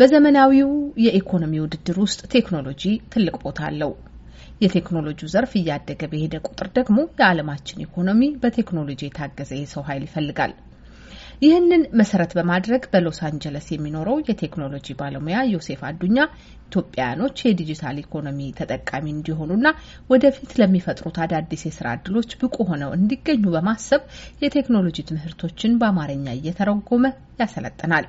በዘመናዊው የኢኮኖሚ ውድድር ውስጥ ቴክኖሎጂ ትልቅ ቦታ አለው። የቴክኖሎጂው ዘርፍ እያደገ በሄደ ቁጥር ደግሞ የዓለማችን ኢኮኖሚ በቴክኖሎጂ የታገዘ የሰው ኃይል ይፈልጋል። ይህንን መሰረት በማድረግ በሎስ አንጀለስ የሚኖረው የቴክኖሎጂ ባለሙያ ዮሴፍ አዱኛ ኢትዮጵያውያኖች የዲጂታል ኢኮኖሚ ተጠቃሚ እንዲሆኑና ወደፊት ለሚፈጥሩት አዳዲስ የስራ እድሎች ብቁ ሆነው እንዲገኙ በማሰብ የቴክኖሎጂ ትምህርቶችን በአማርኛ እየተረጎመ ያሰለጥናል።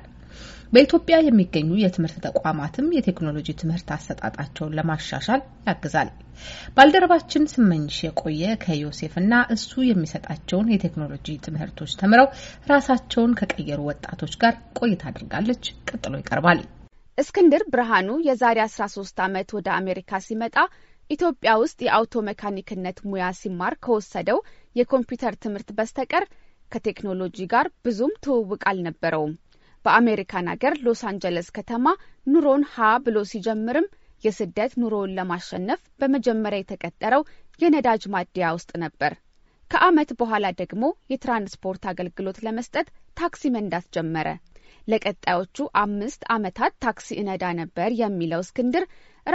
በኢትዮጵያ የሚገኙ የትምህርት ተቋማትም የቴክኖሎጂ ትምህርት አሰጣጣቸውን ለማሻሻል ያግዛል። ባልደረባችን ስመኝሽ የቆየ ከዮሴፍ ና እሱ የሚሰጣቸውን የቴክኖሎጂ ትምህርቶች ተምረው ራሳቸውን ከቀየሩ ወጣቶች ጋር ቆይታ አድርጋለች። ቀጥሎ ይቀርባል። እስክንድር ብርሃኑ የዛሬ 13 ዓመት ወደ አሜሪካ ሲመጣ ኢትዮጵያ ውስጥ የአውቶ መካኒክነት ሙያ ሲማር ከወሰደው የኮምፒውተር ትምህርት በስተቀር ከቴክኖሎጂ ጋር ብዙም ትውውቅ አልነበረውም። በአሜሪካን አገር ሎስ አንጀለስ ከተማ ኑሮን ሀ ብሎ ሲጀምርም የስደት ኑሮውን ለማሸነፍ በመጀመሪያ የተቀጠረው የነዳጅ ማደያ ውስጥ ነበር። ከዓመት በኋላ ደግሞ የትራንስፖርት አገልግሎት ለመስጠት ታክሲ መንዳት ጀመረ። ለቀጣዮቹ አምስት ዓመታት ታክሲ እነዳ ነበር የሚለው እስክንድር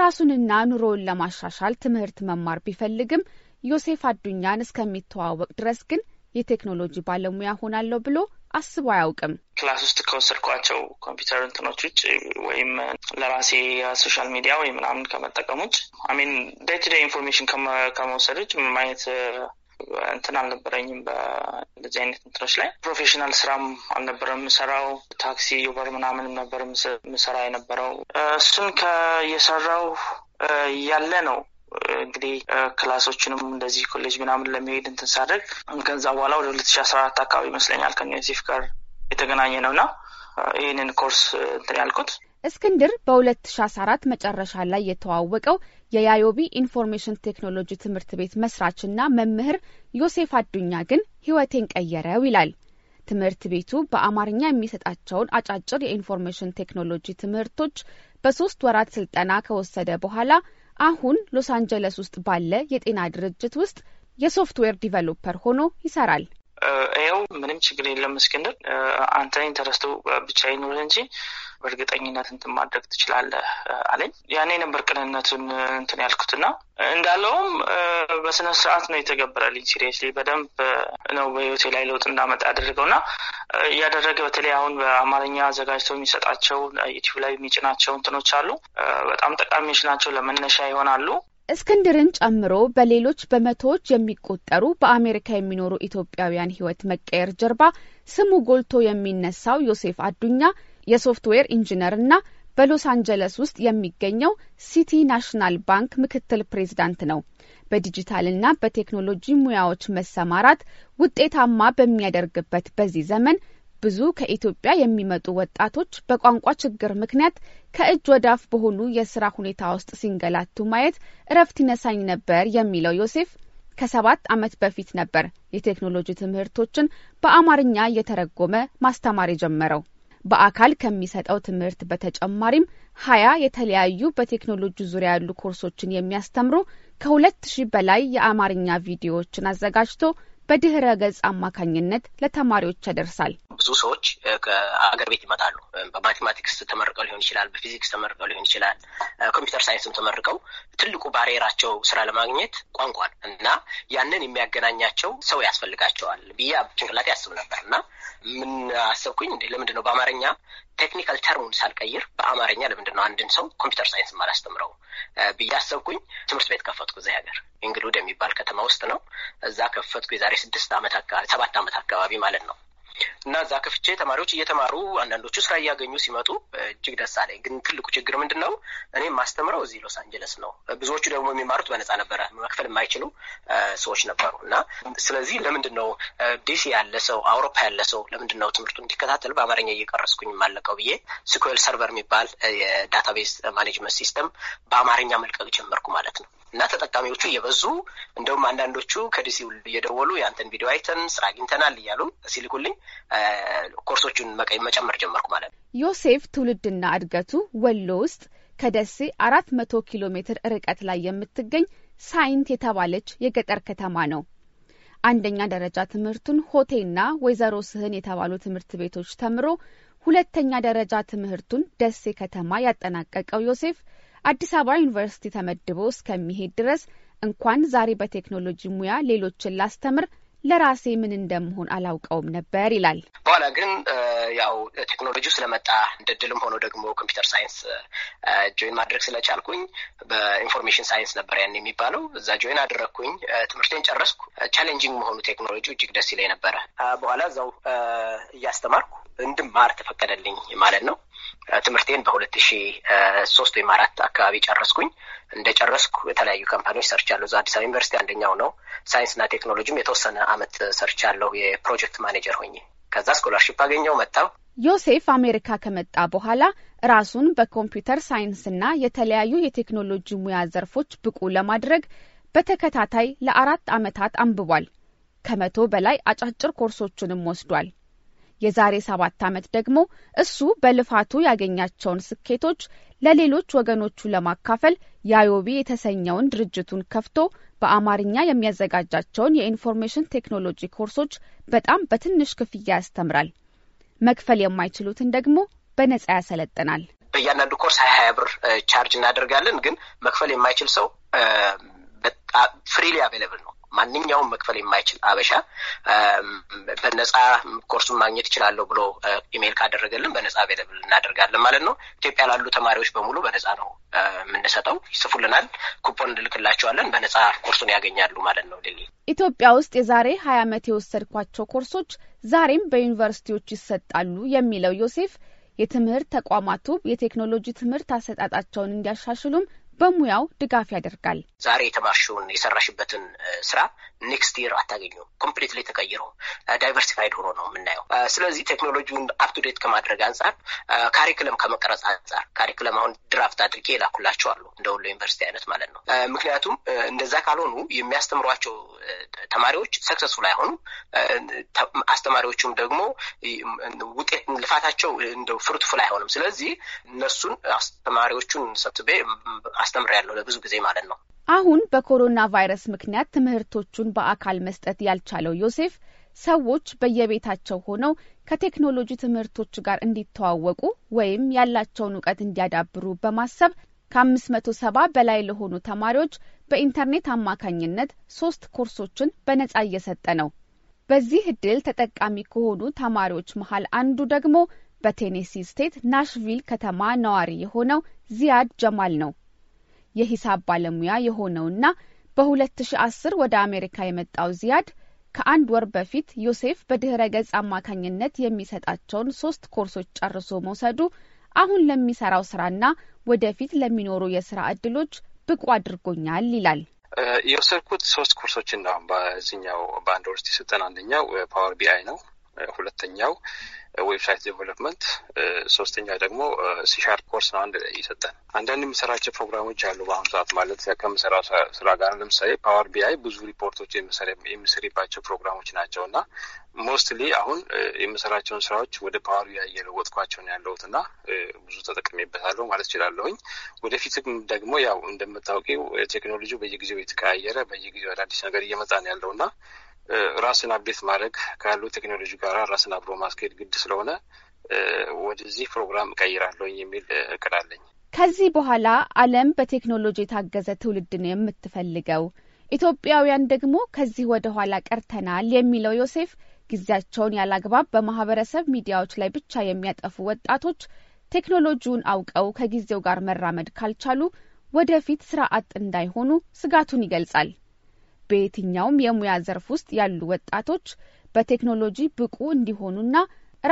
ራሱንና ኑሮውን ለማሻሻል ትምህርት መማር ቢፈልግም ዮሴፍ አዱኛን እስከሚተዋወቅ ድረስ ግን የቴክኖሎጂ ባለሙያ ሆናለሁ ብሎ አስቦ አያውቅም። ክላስ ውስጥ ከወሰድኳቸው ኮምፒውተር እንትኖች ውጭ ወይም ለራሴ ሶሻል ሚዲያ ወይ ምናምን ከመጠቀም ውጭ አሚን ዴይ ቱ ዴይ ኢንፎርሜሽን ከመውሰድ ውጭ ማየት uh, እንትን አልነበረኝም። በእንደዚህ አይነት እንትኖች ላይ ፕሮፌሽናል ስራም አልነበረም የምሰራው። ታክሲ ዩበር ምናምን ነበር ምሰራ የነበረው። uh, እሱን ከየሰራው uh, ያለ ነው እንግዲህ ክላሶችንም እንደዚህ ኮሌጅ ምናምን ለመሄድ እንትን ሳደግ ከዛ በኋላ ወደ ሁለት ሺ አስራ አራት አካባቢ ይመስለኛል ከዩኒሴፍ ጋር የተገናኘ ነው እና ይህንን ኮርስ እንትን ያልኩት እስክንድር በ2014 መጨረሻ ላይ የተዋወቀው የያዮቢ ኢንፎርሜሽን ቴክኖሎጂ ትምህርት ቤት መስራችና መምህር ዮሴፍ አዱኛ ግን ህይወቴን ቀየረው ይላል። ትምህርት ቤቱ በአማርኛ የሚሰጣቸውን አጫጭር የኢንፎርሜሽን ቴክኖሎጂ ትምህርቶች በሶስት ወራት ስልጠና ከወሰደ በኋላ አሁን ሎስ አንጀለስ ውስጥ ባለ የጤና ድርጅት ውስጥ የሶፍትዌር ዲቨሎፐር ሆኖ ይሰራል። ያው ምንም ችግር የለም እስክንድር፣ አንተ ኢንተረስቱ ብቻ ይኑር እንጂ በእርግጠኝነት እንትን ማድረግ ትችላለህ አለኝ። ያኔ ነበር ቅንነቱን እንትን ያልኩትና እንዳለውም በስነ ስርዓት ነው የተገበረልኝ። ሲሪየስሊ በደንብ ነው በህይወቴ ላይ ለውጥ እንዳመጣ ያደረገው እና እያደረገ በተለይ አሁን በአማርኛ አዘጋጅተው የሚሰጣቸው ዩቲዩብ ላይ የሚጭናቸው እንትኖች አሉ። በጣም ጠቃሚዎች ናቸው፣ ለመነሻ ይሆናሉ። እስክንድርን ጨምሮ በሌሎች በመቶዎች የሚቆጠሩ በአሜሪካ የሚኖሩ ኢትዮጵያውያን ህይወት መቀየር ጀርባ ስሙ ጎልቶ የሚነሳው ዮሴፍ አዱኛ የሶፍትዌር ኢንጂነር እና በሎስ አንጀለስ ውስጥ የሚገኘው ሲቲ ናሽናል ባንክ ምክትል ፕሬዝዳንት ነው። በዲጂታልና በቴክኖሎጂ ሙያዎች መሰማራት ውጤታማ በሚያደርግበት በዚህ ዘመን ብዙ ከኢትዮጵያ የሚመጡ ወጣቶች በቋንቋ ችግር ምክንያት ከእጅ ወዳፍ በሆኑ የስራ ሁኔታ ውስጥ ሲንገላቱ ማየት እረፍት ይነሳኝ ነበር የሚለው ዮሴፍ ከሰባት ዓመት በፊት ነበር የቴክኖሎጂ ትምህርቶችን በአማርኛ እየተረጎመ ማስተማር የጀመረው። በአካል ከሚሰጠው ትምህርት በተጨማሪም ሀያ የተለያዩ በቴክኖሎጂ ዙሪያ ያሉ ኮርሶችን የሚያስተምሩ ከሁለት ሺህ በላይ የአማርኛ ቪዲዮዎችን አዘጋጅቶ በድህረ ገጽ አማካኝነት ለተማሪዎች ያደርሳል። ብዙ ሰዎች ከአገር ቤት ይመጣሉ። በማቴማቲክስ ተመርቀው ሊሆን ይችላል፣ በፊዚክስ ተመርቀው ሊሆን ይችላል፣ ኮምፒውተር ሳይንስም ተመርቀው ትልቁ ባሬራቸው ስራ ለማግኘት ቋንቋ እና ያንን የሚያገናኛቸው ሰው ያስፈልጋቸዋል ብዬ ጭንቅላቴ ያስብ ነበር እና ምን አሰብኩኝ እንዴ ለምንድን ነው በአማርኛ ቴክኒካል ተርሙን ሳልቀይር በአማርኛ ለምንድን ነው አንድን ሰው ኮምፒውተር ሳይንስ ማላስተምረው ብዬ አሰብኩኝ። ትምህርት ቤት ከፈትኩ እዚህ ሀገር እንግሉድ የሚባል ከተማ ውስጥ ነው። እዛ ከፈትኩ የዛሬ ስድስት ዓመት ሰባት ዓመት አካባቢ ማለት ነው። እና እዛ ከፍቼ ተማሪዎች እየተማሩ አንዳንዶቹ ስራ እያገኙ ሲመጡ እጅግ ደስ አለኝ። ግን ትልቁ ችግር ምንድን ነው? እኔ ማስተምረው እዚህ ሎስ አንጀለስ ነው። ብዙዎቹ ደግሞ የሚማሩት በነፃ ነበረ። መክፈል የማይችሉ ሰዎች ነበሩ እና ስለዚህ ለምንድን ነው ዲሲ ያለ ሰው አውሮፓ ያለ ሰው ለምንድን ነው ትምህርቱ እንዲከታተል በአማርኛ እየቀረስኩኝ የማለቀው ብዬ ስኩዌል ሰርቨር የሚባል የዳታቤዝ ማኔጅመንት ሲስተም በአማርኛ መልቀቅ ጀመርኩ ማለት ነው። እና ተጠቃሚዎቹ እየበዙ እንደውም አንዳንዶቹ ከዲሲ እየደወሉ ያንተን ቪዲዮ አይተን ስራ አግኝተናል እያሉ ሲልኩልኝ ኮርሶቹን መጨመር ጀመርኩ ማለት ነው። ዮሴፍ ትውልድና እድገቱ ወሎ ውስጥ ከደሴ አራት መቶ ኪሎ ሜትር ርቀት ላይ የምትገኝ ሳይንት የተባለች የገጠር ከተማ ነው። አንደኛ ደረጃ ትምህርቱን ሆቴና ወይዘሮ ስህን የተባሉ ትምህርት ቤቶች ተምሮ ሁለተኛ ደረጃ ትምህርቱን ደሴ ከተማ ያጠናቀቀው ዮሴፍ አዲስ አበባ ዩኒቨርሲቲ ተመድቦ እስከሚሄድ ድረስ እንኳን ዛሬ በቴክኖሎጂ ሙያ ሌሎችን ላስተምር ለራሴ ምን እንደምሆን አላውቀውም ነበር ይላል። በኋላ ግን ያው ቴክኖሎጂው ስለመጣ እንደ ድልም ሆኖ ደግሞ ኮምፒውተር ሳይንስ ጆይን ማድረግ ስለቻልኩኝ በኢንፎርሜሽን ሳይንስ ነበር ያን የሚባለው እዛ ጆይን አደረግኩኝ። ትምህርቴን ጨረስኩ። ቻሌንጂንግ መሆኑ ቴክኖሎጂ እጅግ ደስ ይለኝ ነበረ። በኋላ እዛው እያስተማርኩ እንድማር ተፈቀደልኝ ማለት ነው። ትምህርቴን በሁለት ሺ ሶስት ወይም አራት አካባቢ ጨረስኩኝ። እንደ ጨረስኩ የተለያዩ ካምፓኒዎች ሰርቻለሁ። እዛ አዲስ አበባ ዩኒቨርሲቲ አንደኛው ነው። ሳይንስና ቴክኖሎጂም የተወሰነ አመት ሰርቻለሁ የፕሮጀክት ማኔጀር ሆኜ። ከዛ ስኮላርሽፕ አገኘው መጣው። ዮሴፍ አሜሪካ ከመጣ በኋላ ራሱን በኮምፒውተር ሳይንስና የተለያዩ የቴክኖሎጂ ሙያ ዘርፎች ብቁ ለማድረግ በተከታታይ ለአራት አመታት አንብቧል። ከመቶ በላይ አጫጭር ኮርሶቹንም ወስዷል። የዛሬ ሰባት ዓመት ደግሞ እሱ በልፋቱ ያገኛቸውን ስኬቶች ለሌሎች ወገኖቹ ለማካፈል ያዮቢ የተሰኘውን ድርጅቱን ከፍቶ በአማርኛ የሚያዘጋጃቸውን የኢንፎርሜሽን ቴክኖሎጂ ኮርሶች በጣም በትንሽ ክፍያ ያስተምራል። መክፈል የማይችሉትን ደግሞ በነጻ ያሰለጥናል። በእያንዳንዱ ኮርስ ሀያ ሀያ ብር ቻርጅ እናደርጋለን። ግን መክፈል የማይችል ሰው ፍሪሊ አቬለብል ነው ማንኛውም መክፈል የማይችል አበሻ በነፃ ኮርሱን ማግኘት ይችላለሁ ብሎ ኢሜይል ካደረገልን በነፃ አቬለብል እናደርጋለን ማለት ነው። ኢትዮጵያ ላሉ ተማሪዎች በሙሉ በነፃ ነው የምንሰጠው። ይጽፉልናል፣ ኩፖን እንልክላቸዋለን፣ በነፃ ኮርሱን ያገኛሉ ማለት ነው። ሌሊ ኢትዮጵያ ውስጥ የዛሬ ሀያ ዓመት የወሰድኳቸው ኮርሶች ዛሬም በዩኒቨርሲቲዎች ይሰጣሉ የሚለው ዮሴፍ የትምህርት ተቋማቱ የቴክኖሎጂ ትምህርት አሰጣጣቸውን እንዲያሻሽሉም በሙያው ድጋፍ ያደርጋል። ዛሬ የተማርሽውን የሰራሽበትን ስራ ኔክስት ይር አታገኘውም። ኮምፕሊትሊ ተቀይሮ ዳይቨርሲፋይድ ሆኖ ነው የምናየው። ስለዚህ ቴክኖሎጂውን አፕቱዴት ከማድረግ አንጻር፣ ካሪክለም ከመቀረጽ አንጻር ካሪክለም አሁን ድራፍት አድርጌ የላኩላቸው አሉ እንደ ወሎ ዩኒቨርሲቲ አይነት ማለት ነው። ምክንያቱም እንደዛ ካልሆኑ የሚያስተምሯቸው ተማሪዎች ሰክሰስፉል አይሆኑም። አስተማሪዎቹም ደግሞ ውጤት ልፋታቸው እንደው ፍሩትፉል አይሆንም። ስለዚህ እነሱን አስተማሪዎቹን ሰብስቤ አስተምሬያለሁ ለብዙ ጊዜ ማለት ነው። አሁን በኮሮና ቫይረስ ምክንያት ትምህርቶቹን በአካል መስጠት ያልቻለው ዮሴፍ ሰዎች በየቤታቸው ሆነው ከቴክኖሎጂ ትምህርቶች ጋር እንዲተዋወቁ ወይም ያላቸውን እውቀት እንዲያዳብሩ በማሰብ ከአምስት መቶ ሰባ በላይ ለሆኑ ተማሪዎች በኢንተርኔት አማካኝነት ሶስት ኮርሶችን በነጻ እየሰጠ ነው። በዚህ እድል ተጠቃሚ ከሆኑ ተማሪዎች መሀል አንዱ ደግሞ በቴኔሲ ስቴት ናሽቪል ከተማ ነዋሪ የሆነው ዚያድ ጀማል ነው። የሂሳብ ባለሙያ የሆነውና በ2010 ወደ አሜሪካ የመጣው ዚያድ ከአንድ ወር በፊት ዮሴፍ በድኅረ ገጽ አማካኝነት የሚሰጣቸውን ሶስት ኮርሶች ጨርሶ መውሰዱ አሁን ለሚሰራው ስራና ወደፊት ለሚኖሩ የስራ እድሎች ብቁ አድርጎኛል ይላል። የወሰድኩት ሶስት ኮርሶችን ነው። በዚኛው በአንድ ወር ውስጥ አንደኛው ፓወር ቢአይ ነው። ሁለተኛው ዌብሳይት ዴቨሎፕመንት፣ ሶስተኛ ደግሞ ሲሻርፕ ኮርስ ነው አንድ ይሰጠን። አንዳንድ የምሰራቸው ፕሮግራሞች አሉ። በአሁኑ ሰዓት ማለት ከምሰራ ስራ ጋር ለምሳሌ ፓወር ቢአይ ብዙ ሪፖርቶች የምሰሪባቸው ፕሮግራሞች ናቸው እና ሞስትሊ አሁን የምሰራቸውን ስራዎች ወደ ፓወር ቢአይ እየለወጥኳቸው ነው ያለሁት እና ብዙ ተጠቅሜበታለሁ ማለት እችላለሁኝ። ወደፊት ደግሞ ያው እንደምታውቂው ቴክኖሎጂ በየጊዜው የተቀያየረ በየጊዜው አዳዲስ ነገር እየመጣ ነው ያለው እና ራስን አብዴት ማድረግ ካሉ ቴክኖሎጂ ጋር ራስን አብሮ ማስኬድ ግድ ስለሆነ ወደዚህ ፕሮግራም እቀይራለሁኝ የሚል እቅድ አለኝ። ከዚህ በኋላ ዓለም በቴክኖሎጂ የታገዘ ትውልድ ነው የምትፈልገው፣ ኢትዮጵያውያን ደግሞ ከዚህ ወደ ኋላ ቀርተናል የሚለው ዮሴፍ ጊዜያቸውን ያላግባብ በማህበረሰብ ሚዲያዎች ላይ ብቻ የሚያጠፉ ወጣቶች ቴክኖሎጂውን አውቀው ከጊዜው ጋር መራመድ ካልቻሉ ወደፊት ስራ አጥ እንዳይሆኑ ስጋቱን ይገልጻል። በየትኛውም የሙያ ዘርፍ ውስጥ ያሉ ወጣቶች በቴክኖሎጂ ብቁ እንዲሆኑና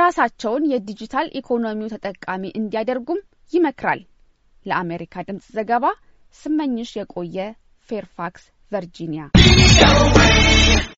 ራሳቸውን የዲጂታል ኢኮኖሚው ተጠቃሚ እንዲያደርጉም ይመክራል። ለአሜሪካ ድምፅ ዘገባ ስመኝሽ የቆየ ፌርፋክስ ቨርጂኒያ